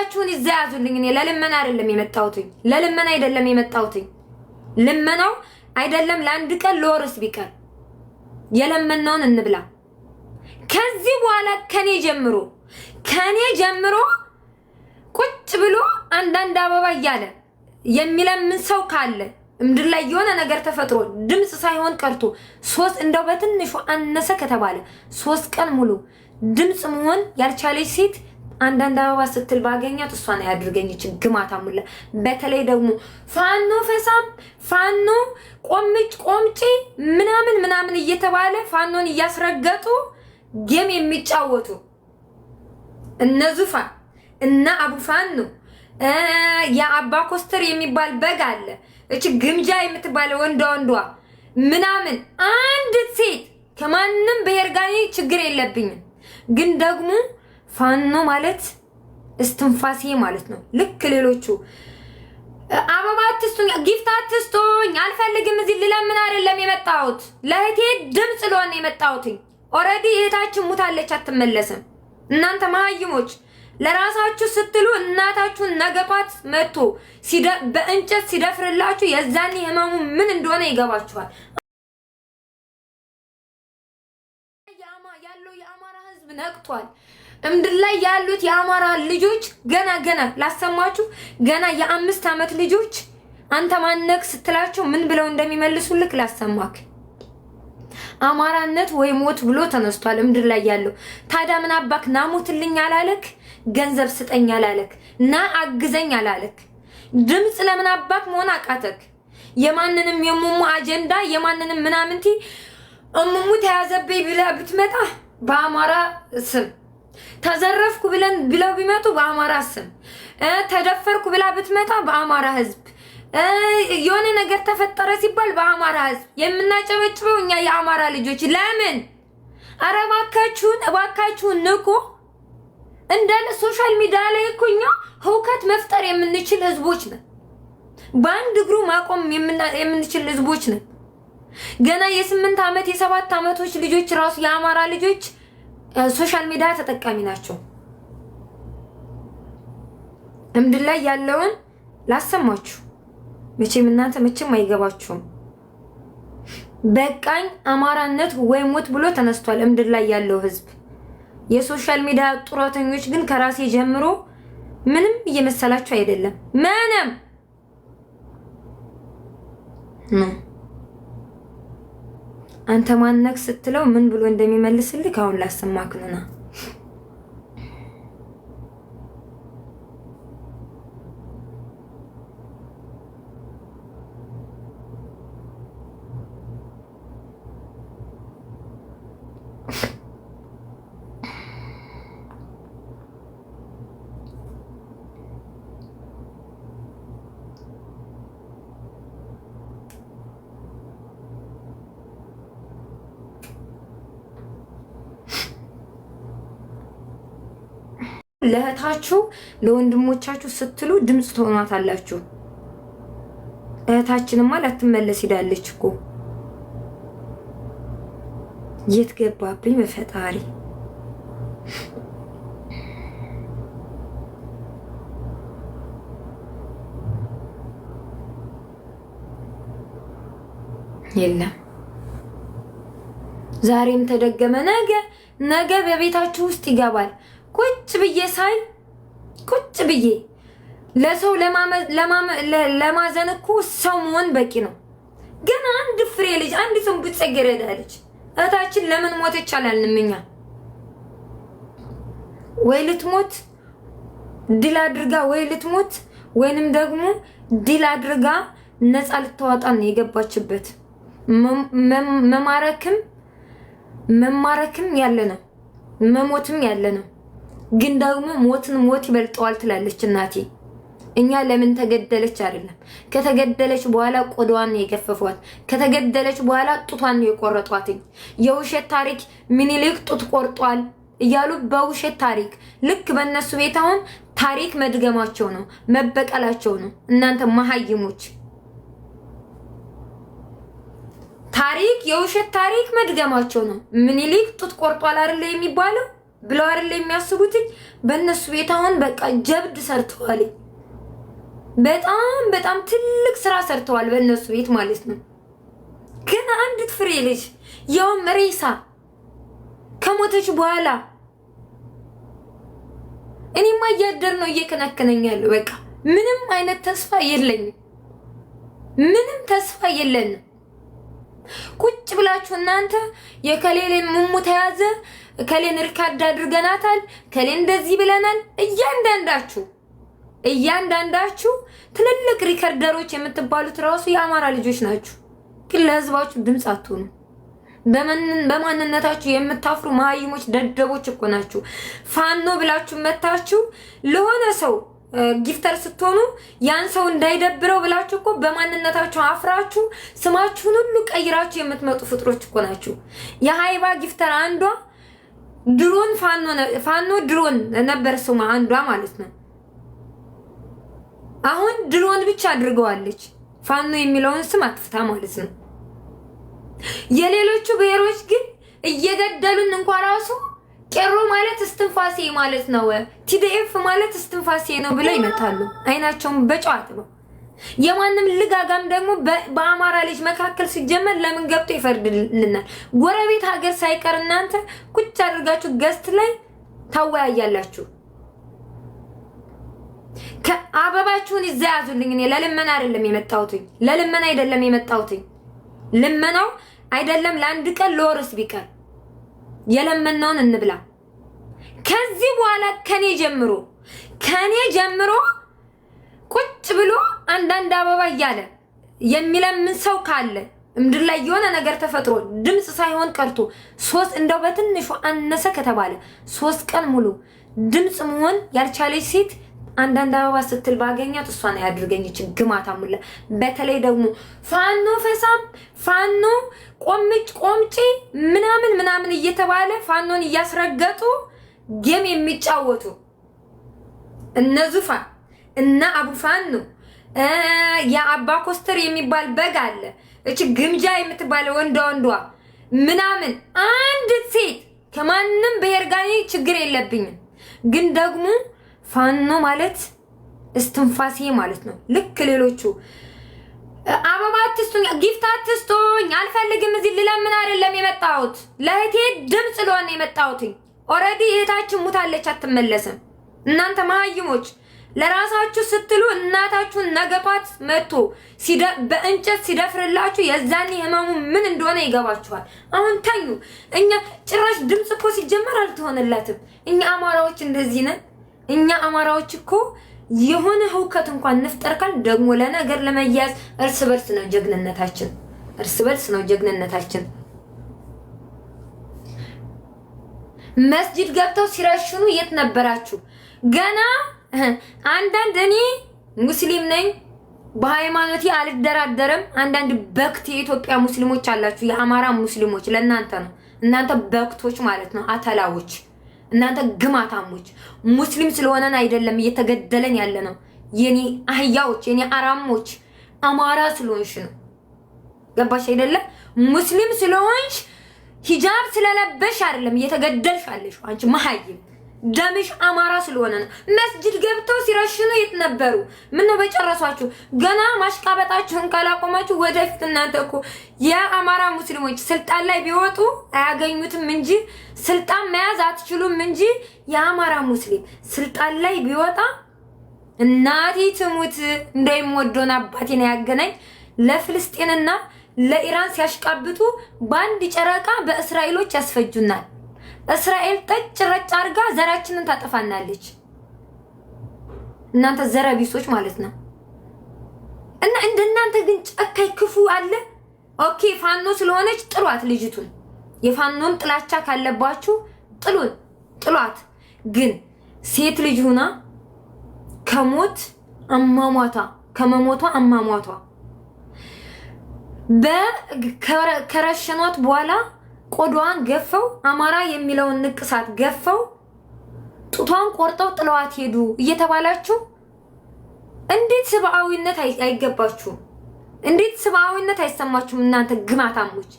እጃችሁን ይዛ ያዙልኝ። እኔ ለልመና አይደለም የመጣሁትኝ፣ ለልመና አይደለም የመጣሁትኝ። ልመናው አይደለም ለአንድ ቀን ለወርስ ቢቀር የለመናውን እንብላ። ከዚህ በኋላ ከኔ ጀምሮ ከኔ ጀምሮ ቁጭ ብሎ አንዳንድ አበባ እያለ የሚለምን ሰው ካለ ምድር ላይ የሆነ ነገር ተፈጥሮ ድምፅ ሳይሆን ቀርቶ ሶስት እንደው በትንሹ አነሰ ከተባለ ሶስት ቀን ሙሉ ድምፅ መሆን ያልቻለች ሴት አንዳንድ አበባ ስትል ባገኛት እሷን ያድርገኝችን ግማታ ሙላ። በተለይ ደግሞ ፋኖ ፈሳም ፋኖ ቆምጭ ቆምጪ ምናምን ምናምን እየተባለ ፋኖን እያስረገጡ ጌም የሚጫወቱ እነ ዙፋን እና አቡ ፋኖ የአባ ኮስተር የሚባል በግ አለ። እች ግምጃ የምትባለ ወንዷ ወንዷ ምናምን አንድ ሴት ከማንም ብሔር ጋር ችግር የለብኝም ግን ደግሞ ፋኖ ማለት እስትንፋሴ ማለት ነው። ልክ ሌሎቹ አበባ አትስቱኝ፣ ጊፍት አትስቶኝ፣ አልፈልግም። እዚህ ልለምን አይደለም የመጣሁት ለእህቴ ድምፅ ለሆነ የመጣሁትኝ። ኦልሬዲ እህታችን ሙታለች፣ አትመለስም። እናንተ መሀይሞች ለራሳችሁ ስትሉ እናታችሁን ነገፋት መጥቶ በእንጨት ሲደፍርላችሁ የዛኔ ህመሙ ምን እንደሆነ ይገባችኋል። ያለው የአማራ ህዝብ ነቅቷል። እምድር ላይ ያሉት የአማራ ልጆች ገና ገና ላሰማችሁ ገና የአምስት ዓመት ልጆች አንተ ማነክ ስትላቸው ምን ብለው እንደሚመልሱልክ ላሰማክ። አማራነት ወይ ሞት ብሎ ተነስቷል እምድር ላይ ያለው። ታዲያ ምን አባክ ናሙትልኝ አላለክ? ገንዘብ ስጠኝ አላለክ? ና አግዘኝ አላለክ? ድምፅ ለምን አባክ መሆን አቃተክ? የማንንም የሙሙ አጀንዳ የማንንም ምናምንቲ እሙሙ ተያዘበኝ ብላ ብትመጣ በአማራ ስም ተዘረፍኩ ብለን ብለው ቢመጡ በአማራ ስም ተደፈርኩ ብላ ብትመጣ በአማራ ህዝብ የሆነ ነገር ተፈጠረ ሲባል በአማራ ህዝብ የምናጨበጭበው እኛ የአማራ ልጆች ለምን? አረ እባካችሁን እባካችሁን ንቁ። እንዳለ ሶሻል ሚዲያ ላይ እኮ እኛ ህውከት መፍጠር የምንችል ህዝቦች ነን። በአንድ እግሩ ማቆም የምንችል ህዝቦች ነን። ገና የስምንት ዓመት የሰባት ዓመቶች ልጆች ራሱ የአማራ ልጆች ሶሻል ሚዲያ ተጠቃሚ ናቸው። እምድር ላይ ያለውን ላሰማችሁ። መቼም እናንተ መቼም አይገባችሁም። በቃኝ አማራነት ወይ ሞት ብሎ ተነስቷል እምድር ላይ ያለው ህዝብ። የሶሻል ሚዲያ ጡረተኞች ግን ከራሴ ጀምሮ ምንም እየመሰላችሁ አይደለም ምንም አንተ ማነክ ስትለው ምን ብሎ እንደሚመልስልህ አሁን ላሰማክንና ለእህታችሁ ለወንድሞቻችሁ ስትሉ ድምፅ ትሆኗታላችሁ። እህታችንማ ላትመለስ ሄዳለች እኮ የት ገባብኝ በፈጣሪ። የለም ዛሬም ተደገመ፣ ነገ ነገ በቤታችሁ ውስጥ ይገባል። ቁጭ ብዬ ሳይ ቁጭ ብዬ ለሰው ለማዘን እኮ ሰው መሆን በቂ ነው። ግን አንድ ፍሬ ልጅ አንድ ሰው ጽጌረዳ ልጅ እህታችን ለምን ሞት አላልንም እኛ። ወይ ልትሞት ድል አድርጋ ወይ ልትሞት ወይንም ደግሞ ድል አድርጋ ነፃ ነው የገባችበት መማረክም መማረክም ያለ ነው፣ መሞትም ያለ ነው። ግን ደግሞ ሞትን ሞት ይበልጠዋል ትላለች እናቴ። እኛ ለምን ተገደለች አይደለም፣ ከተገደለች በኋላ ቆዳዋን የገፈፏት፣ ከተገደለች በኋላ ጡቷን የቆረጧትኝ። የውሸት ታሪክ ምኒልክ ጡት ቆርጧል እያሉ በውሸት ታሪክ ልክ በእነሱ ቤት አሁን ታሪክ መድገማቸው ነው፣ መበቀላቸው ነው። እናንተ መሀይሞች ታሪክ የውሸት ታሪክ መድገማቸው ነው። ምኒልክ ጡት ቆርጧል አይደለ የሚባለው ብለው አይደል የሚያስቡት። በእነሱ ቤት አሁን በቃ ጀብድ ሰርተዋል። በጣም በጣም ትልቅ ስራ ሰርተዋል በእነሱ ቤት ማለት ነው። ግን አንዲት ፍሬ ልጅ ያውም ሬሳ ከሞተች በኋላ እኔማ እያደር ነው እየከናከነኝ ያለው በቃ ምንም አይነት ተስፋ የለኝም። ምንም ተስፋ የለንም። ቁጭ ብላችሁ እናንተ የከሌሌ ሙሙ ተያዘ ከሌን ሪካርድ አድርገናታል፣ ከሌን እንደዚህ ብለናል። እያንዳንዳችሁ እያንዳንዳችሁ ትልልቅ ሪከርደሮች የምትባሉት ራሱ የአማራ ልጆች ናችሁ፣ ግን ለህዝባችሁ ድምፅ አትሆኑ። በማንነታችሁ የምታፍሩ መሀይሞች፣ ደደቦች እኮ ናችሁ። ፋኖ ብላችሁ መታችሁ ለሆነ ሰው ጊፍተር ስትሆኑ ያን ሰው እንዳይደብረው ብላችሁ እኮ በማንነታችሁ አፍራችሁ ስማችሁን ሁሉ ቀይራችሁ የምትመጡ ፍጥሮች እኮ ናችሁ። የሀይባ ጊፍተር አንዷ ድሮን ፋኖ ድሮን ነበር ስሟ አንዷ ማለት ነው። አሁን ድሮን ብቻ አድርገዋለች። ፋኖ የሚለውን ስም አጥፍታ ማለት ነው። የሌሎቹ ብሔሮች ግን እየገደሉን እንኳ ራሱ ቄሮ ማለት እስትንፋሴ ማለት ነው፣ ቲዲኤፍ ማለት እስትንፋሴ ነው ብለው ይመታሉ። አይናቸውን በጨዋት ነው የማንም ልጋጋም ደግሞ በአማራ ልጅ መካከል ሲጀመር ለምን ገብቶ ይፈርድልናል? ጎረቤት ሀገር ሳይቀር እናንተ ቁጭ አድርጋችሁ ገዝት ላይ ታወያያላችሁ። አበባችሁን እዛ ያዙልኝ። እኔ ለልመና አይደለም የመጣሁትኝ፣ ለልመና አይደለም የመጣሁትኝ። ልመናው አይደለም ለአንድ ቀን ለወርስ ቢቀር የለመናውን እንብላ። ከዚህ በኋላ ከኔ ጀምሮ ከኔ ጀምሮ ቁጭ ብሎ አንዳንድ አበባ እያለ የሚለምን ሰው ካለ ምድር ላይ የሆነ ነገር ተፈጥሮ ድምፅ ሳይሆን ቀርቶ ሶስት እንደው በትንሹ አነሰ ከተባለ ሶስት ቀን ሙሉ ድምፅ መሆን ያልቻለች ሴት አንዳንድ አበባ ስትል ባገኛት እሷን ያድርገኝች ግማታ ሙላ። በተለይ ደግሞ ፋኖ ፈሳም ፋኖ ቆምጭ ቆምጪ ምናምን ምናምን እየተባለ ፋኖን እያስረገጡ ጌም የሚጫወቱ እነ እና አቡፋኑ የአባ ኮስተር የሚባል በግ አለ። እች ግምጃ የምትባለ ወንዷ ወንዷ ምናምን አንድ ሴት ከማንም ብሔር ጋር ችግር የለብኝም። ግን ደግሞ ፋኖ ማለት እስትንፋሴ ማለት ነው። ልክ ሌሎቹ አበባ አትስቱኝ፣ ጊፍት አትስቱኝ፣ አልፈልግም። እዚህ ልለምን አይደለም የመጣሁት ለእህቴ ድምፅ ለሆነ የመጣሁትኝ። ኦልሬዲ እህታችን ሙታለች፣ አትመለስም። እናንተ መሀይሞች ለራሳችሁ ስትሉ እናታችሁን ነገፋት መጥቶ በእንጨት ሲደፍርላችሁ የዛኔ ህመሙ ምን እንደሆነ ይገባችኋል። አሁን ተኙ። እኛ ጭራሽ ድምፅ እኮ ሲጀመር አልትሆንላትም። እኛ አማራዎች እንደዚህ ነን። እኛ አማራዎች እኮ የሆነ ህውከት እንኳን ንፍጠርካል ደግሞ ለነገር ለመያዝ እርስ በርስ ነው ጀግንነታችን፣ እርስ በርስ ነው ጀግንነታችን። መስጂድ ገብተው ሲረሽኑ የት ነበራችሁ ገና አንዳንድ እኔ ሙስሊም ነኝ በሃይማኖቴ አልደራደርም። አንዳንድ በክት የኢትዮጵያ ሙስሊሞች አላችሁ፣ የአማራ ሙስሊሞች ለእናንተ ነው። እናንተ በክቶች ማለት ነው፣ አተላዎች፣ እናንተ ግማታሞች። ሙስሊም ስለሆነን አይደለም እየተገደለን ያለ ነው። የኔ አህያዎች፣ የኔ አራሞች፣ አማራ ስለሆንሽ ነው። ገባሽ አይደለም? ሙስሊም ስለሆንሽ ሂጃብ ስለለበሽ አይደለም እየተገደልሽ አለሽ አንቺ መሀይም ደምሽ አማራ ስለሆነ ነው። መስጅድ ገብተው ሲረሽኑ የት ነበሩ? ምን ነው በጨረሷችሁ? ገና ማሽቃበጣችሁን ካላቆማችሁ ወደፊት እናንተ እኮ የአማራ ሙስሊሞች ስልጣን ላይ ቢወጡ አያገኙትም እንጂ ስልጣን መያዝ አትችሉም እንጂ የአማራ ሙስሊም ስልጣን ላይ ቢወጣ እናቴ ትሙት እንደሚወደውን አባቴን ያገናኝ ለፍልስጤንና ለኢራን ሲያሽቃብጡ በአንድ ጨረቃ በእስራኤሎች ያስፈጁናል። እስራኤል ጠጭ ረጭ አድርጋ ዘራችንን ታጠፋናለች። እናንተ ዘረ ቢሶች ማለት ነው። እና እንደናንተ ግን ጨካኝ ክፉ አለ። ኦኬ ፋኖ ስለሆነች ጥሏት ልጅቱን። የፋኖም ጥላቻ ካለባችሁ ጥሉን፣ ጥሏት። ግን ሴት ልጅ ሁና ከሞት አሟሟቷ ከመሞቷ አሟሟቷ በከረሸኗት በኋላ ቆዳዋን ገፈው አማራ የሚለውን ንቅሳት ገፈው ጡቷን ቆርጠው ጥለዋት ሄዱ እየተባላችሁ እንዴት ስብአዊነት አይገባችሁም? እንዴት ስብአዊነት አይሰማችሁም? እናንተ ግማታሞች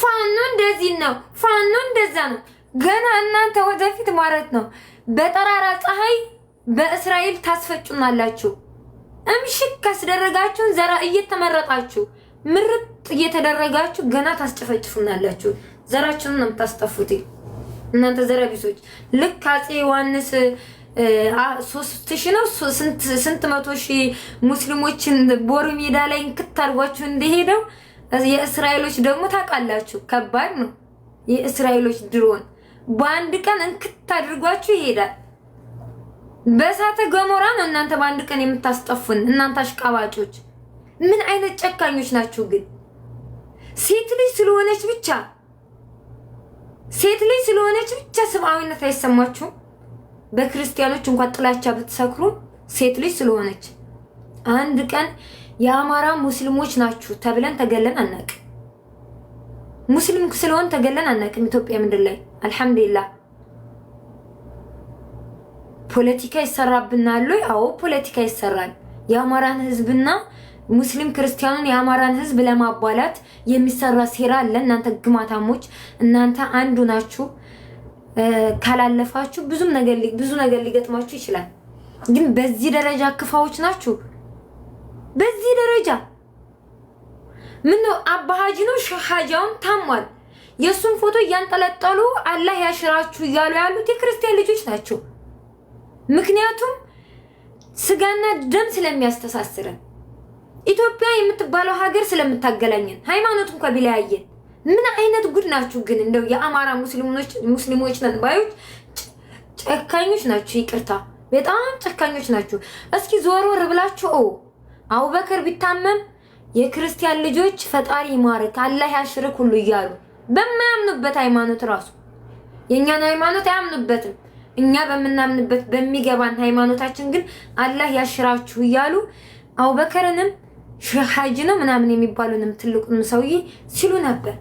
ፋኖ እንደዚህ ነው፣ ፋኖ እንደዛ ነው። ገና እናንተ ወደፊት ማለት ነው በጠራራ ፀሐይ በእስራኤል ታስፈጩናላችሁ። እምሽክ ካስደረጋችሁን ዘራ እየተመረጣችሁ ምርጥ እየተደረጋችሁ ገና ታስጨፈጭፉናላችሁ። ዘራችሁን ነው የምታስጠፉት እናንተ ዘረቢሶች። ልክ አፄ ዮሐንስ ሶስት ሺ ነው ስንት መቶ ሺ ሙስሊሞችን ቦር ሜዳ ላይ እንክት አድርጓችሁ እንደሄደው የእስራኤሎች ደግሞ ታውቃላችሁ፣ ከባድ ነው። የእስራኤሎች ድሮን በአንድ ቀን እንክት አድርጓችሁ ይሄዳል። በእሳተ ገሞራ ነው እናንተ በአንድ ቀን የምታስጠፉን። እናንተ አሽቃባጮች ምን አይነት ጨካኞች ናችሁ ግን? ሴት ልጅ ስለሆነች ብቻ ሴት ልጅ ስለሆነች ብቻ ሰብአዊነት አይሰማችሁም? በክርስቲያኖች እንኳን ጥላቻ ብትሰክሩ ሴት ልጅ ስለሆነች አንድ ቀን የአማራ ሙስሊሞች ናችሁ ተብለን ተገለን አናቅ ሙስሊም ስለሆን ተገለን አናቅም። ኢትዮጵያ ምድር ላይ አልሐምዱሊላህ ፖለቲካ ይሰራብናል ወይ? አዎ ፖለቲካ ይሰራል። የአማራን ህዝብና ሙስሊም ክርስቲያኑን የአማራን ህዝብ ለማቧላት የሚሰራ ሴራ አለ። እናንተ ግማታሞች፣ እናንተ አንዱ ናችሁ። ካላለፋችሁ ብዙም ነገር ብዙ ነገር ሊገጥማችሁ ይችላል። ግን በዚህ ደረጃ ክፋዎች ናችሁ። በዚህ ደረጃ ምን ነው አባሃጂ ነው ሻሃጃውን ታሟል። የእሱን ፎቶ እያንጠለጠሉ አላህ ያሽራችሁ እያሉ ያሉት የክርስቲያን ልጆች ናቸው። ምክንያቱም ስጋና ደም ስለሚያስተሳስረን ኢትዮጵያ የምትባለው ሀገር ስለምታገላኘን ሃይማኖት እንኳ ቢለያየን ምን አይነት ጉድ ናችሁ ግን? እንደው የአማራ ሙስሊሞች ነን ባዮች ጨካኞች ናችሁ። ይቅርታ በጣም ጨካኞች ናችሁ። እስኪ ዞሮ ርብላችሁ ኦ አቡበከር ቢታመም የክርስቲያን ልጆች ፈጣሪ ይማርክ አላህ ያሽርክ ሁሉ እያሉ በማያምኑበት ሃይማኖት ራሱ የእኛን ሃይማኖት አያምኑበትም። እኛ በምናምንበት በሚገባን ሃይማኖታችን ግን አላህ ያሽራችሁ እያሉ አቡበከርንም ሼህ ሀጅ ነው ምናምን የሚባሉንም ትልቁንም ሰውዬ ሲሉ ነበር።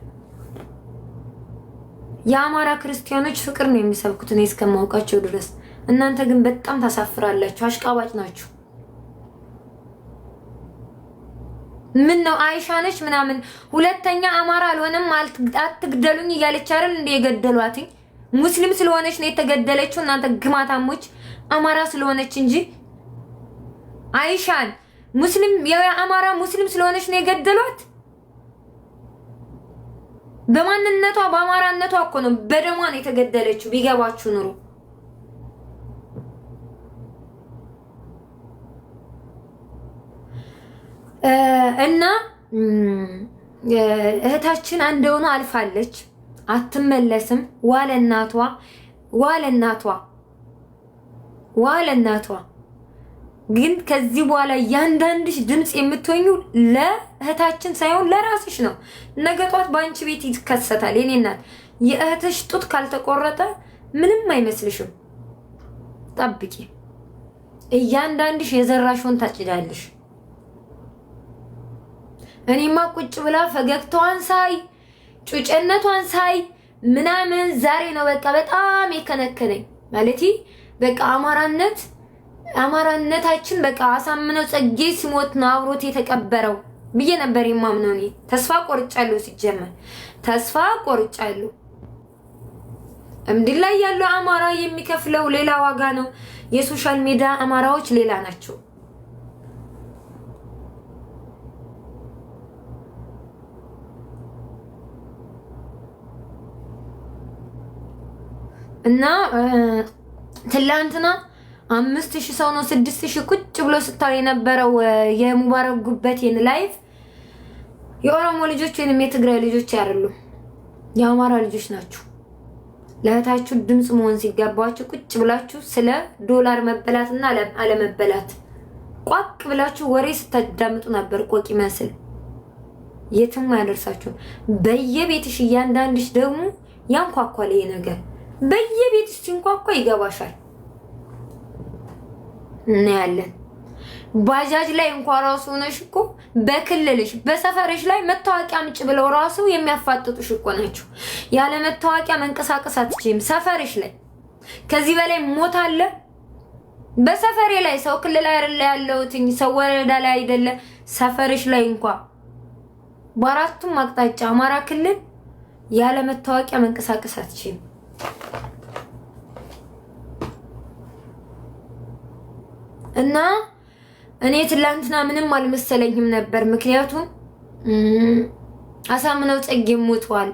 የአማራ ክርስቲያኖች ፍቅር ነው የሚሰብኩት እኔ እስከማውቃቸው ድረስ። እናንተ ግን በጣም ታሳፍራላችሁ፣ አሽቃባጭ ናችሁ። ምን ነው አይሻ ነች ምናምን ሁለተኛ አማራ አልሆነም አትግደሉኝ እያለች አይደል እንደ የገደሏትኝ ሙስሊም ስለሆነች ነው የተገደለችው። እናንተ ግማታሞች አማራ ስለሆነች እንጂ አይሻን ሙስሊም የአማራ ሙስሊም ስለሆነች ነው የገደሏት። በማንነቷ በአማራነቷ እኮ ነው በደሟ ነው የተገደለችው። ቢገባችሁ ኑሮ እና እህታችን አንድ ሆኖ አልፋለች፣ አትመለስም። ዋለናቷ ዋለናቷ ዋለናቷ ግን ከዚህ በኋላ እያንዳንድሽ ድምፅ የምትወኙ ለእህታችን ሳይሆን ለራስሽ ነው። ነገ ጧት በአንቺ ቤት ይከሰታል። የኔ እናት የእህትሽ ጡት ካልተቆረጠ ምንም አይመስልሽም። ጠብቂ። እያንዳንድሽ የዘራሽውን ታጭዳለሽ። እኔማ ቁጭ ብላ ፈገግታዋን ሳይ ጩጨነቷን ሳይ ምናምን ዛሬ ነው በቃ በጣም የከነከነኝ ማለት በቃ አማራነት አማራነታችን በቃ አሳምነው ጸጌ ሲሞት ነው አብሮት የተቀበረው ብዬ ነበር የማምነው። እኔ ተስፋ ቆርጫለሁ፣ ሲጀመር ተስፋ ቆርጫለሁ። እምድር ላይ ያለው አማራ የሚከፍለው ሌላ ዋጋ ነው። የሶሻል ሚዲያ አማራዎች ሌላ ናቸው። እና ትላንትና አምስት ሺህ ሰው ነው ስድስት ሺህ ቁጭ ብሎ ስታይ የነበረው የሙባረክ ጉበቴን ላይፍ የኦሮሞ ልጆች ወይም የትግራይ ልጆች አይደሉም፣ የአማራ ልጆች ናችሁ። ለእህታችሁ ድምፅ መሆን ሲገባችሁ ቁጭ ብላችሁ ስለ ዶላር መበላትና አለመበላት ቋቅ ብላችሁ ወሬ ስታዳምጡ ነበር። ቆቅ ይመስል የትም አያደርሳችሁም። በየቤትሽ እያንዳንድሽ ደግሞ ያንኳኳል ይሄ ነገር በየቤትሽ ሲንኳኳ ይገባሻል። እናያለን። ባጃጅ ላይ እንኳ ራሱ ሆነሽ እኮ በክልልሽ በሰፈርሽ ላይ መታወቂያ ምጭ ብለው ራሱ የሚያፋጥጡሽ እኮ ናቸው። ያለ መታወቂያ መንቀሳቀስ አትችይም። ሰፈርሽ ላይ ከዚህ በላይ ሞት አለ። በሰፈሬ ላይ ሰው ክልል አይደለ ያለሁትኝ ሰው ወረዳ ላይ አይደለ ሰፈርሽ ላይ እንኳ በአራቱም አቅጣጫ አማራ ክልል ያለ መታወቂያ መንቀሳቀስ አትችይም። እና እኔ ትላንትና ምንም አልመሰለኝም ነበር። ምክንያቱም አሳምነው ጽጌ ሞቷል።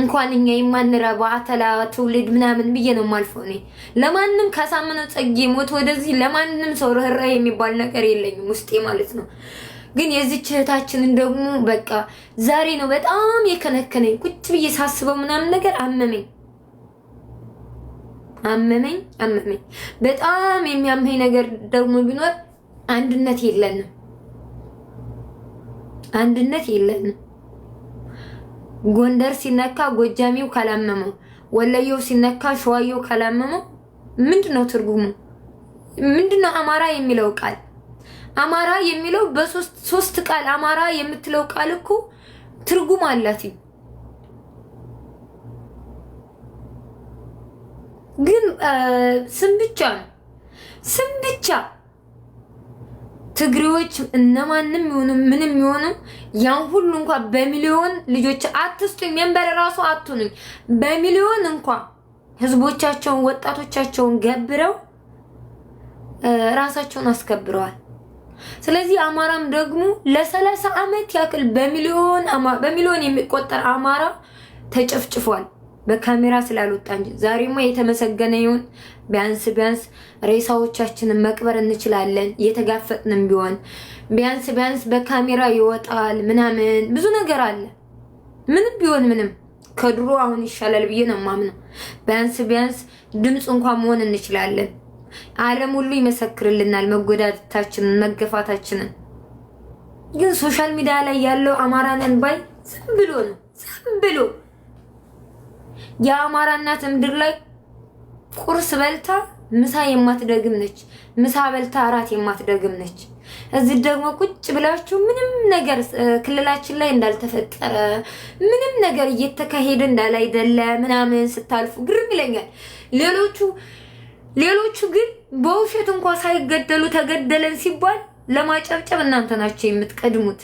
እንኳን እኛ የማንረባ አተላ ትውልድ ምናምን ብዬ ነው ማልፈው። እኔ ለማንም ካሳምነው ጽጌ ሞት ወደዚህ ለማንም ሰው ርኅራኄ የሚባል ነገር የለኝም ውስጤ ማለት ነው። ግን የዚች እህታችንን ደግሞ በቃ ዛሬ ነው በጣም የከነከነኝ። ቁጭ ብዬ ሳስበው ምናምን ነገር አመመኝ። አመመኝ አመመኝ። በጣም የሚያመኝ ነገር ደግሞ ቢኖር አንድነት የለንም፣ አንድነት የለንም። ጎንደር ሲነካ ጎጃሚው ካላመመው፣ ወለየው ሲነካ ሸዋየው ካላመመው ምንድነው ትርጉሙ? ምንድነው አማራ የሚለው ቃል? አማራ የሚለው በሶስት ቃል አማራ የምትለው ቃል እኮ ትርጉም አላት። ግን ስም ብቻ ነው፣ ስም ብቻ። ትግሬዎች እነማንም ይሆኑ ምንም ይሆኑ ያን ሁሉ እንኳ በሚሊዮን ልጆች አትስጡኝ፣ መንበር ራሱ አትኑኝ፣ በሚሊዮን እንኳ ህዝቦቻቸውን ወጣቶቻቸውን ገብረው ራሳቸውን አስከብረዋል። ስለዚህ አማራም ደግሞ ለሰላሳ አመት ያክል በሚሊዮን በሚሊዮን የሚቆጠር አማራ ተጨፍጭፏል። በካሜራ ስላልወጣ እንጂ ዛሬማ የተመሰገነ ይሁን። ቢያንስ ቢያንስ ሬሳዎቻችንን መቅበር እንችላለን፣ እየተጋፈጥንም ቢሆን ቢያንስ ቢያንስ በካሜራ ይወጣል ምናምን ብዙ ነገር አለ። ምንም ቢሆን ምንም ከድሮ አሁን ይሻላል ብዬ ነው የማምነው። ቢያንስ ቢያንስ ድምፅ እንኳን መሆን እንችላለን። ዓለም ሁሉ ይመሰክርልናል መጎዳታችንን፣ መገፋታችንን። ግን ሶሻል ሚዲያ ላይ ያለው አማራ ነን ባይ ዝም ብሎ ነው ዝም ብሎ የአማራ እናት ምድር ላይ ቁርስ በልታ ምሳ የማትደግም ነች። ምሳ በልታ እራት የማትደግም ነች። እዚህ ደግሞ ቁጭ ብላችሁ ምንም ነገር ክልላችን ላይ እንዳልተፈጠረ ምንም ነገር እየተካሄደ እንዳላይደለ ምናምን ስታልፉ ግርም ይለኛል። ሌሎቹ ሌሎቹ ግን በውሸት እንኳ ሳይገደሉ ተገደለን ሲባል ለማጨብጨብ እናንተ ናቸው የምትቀድሙት።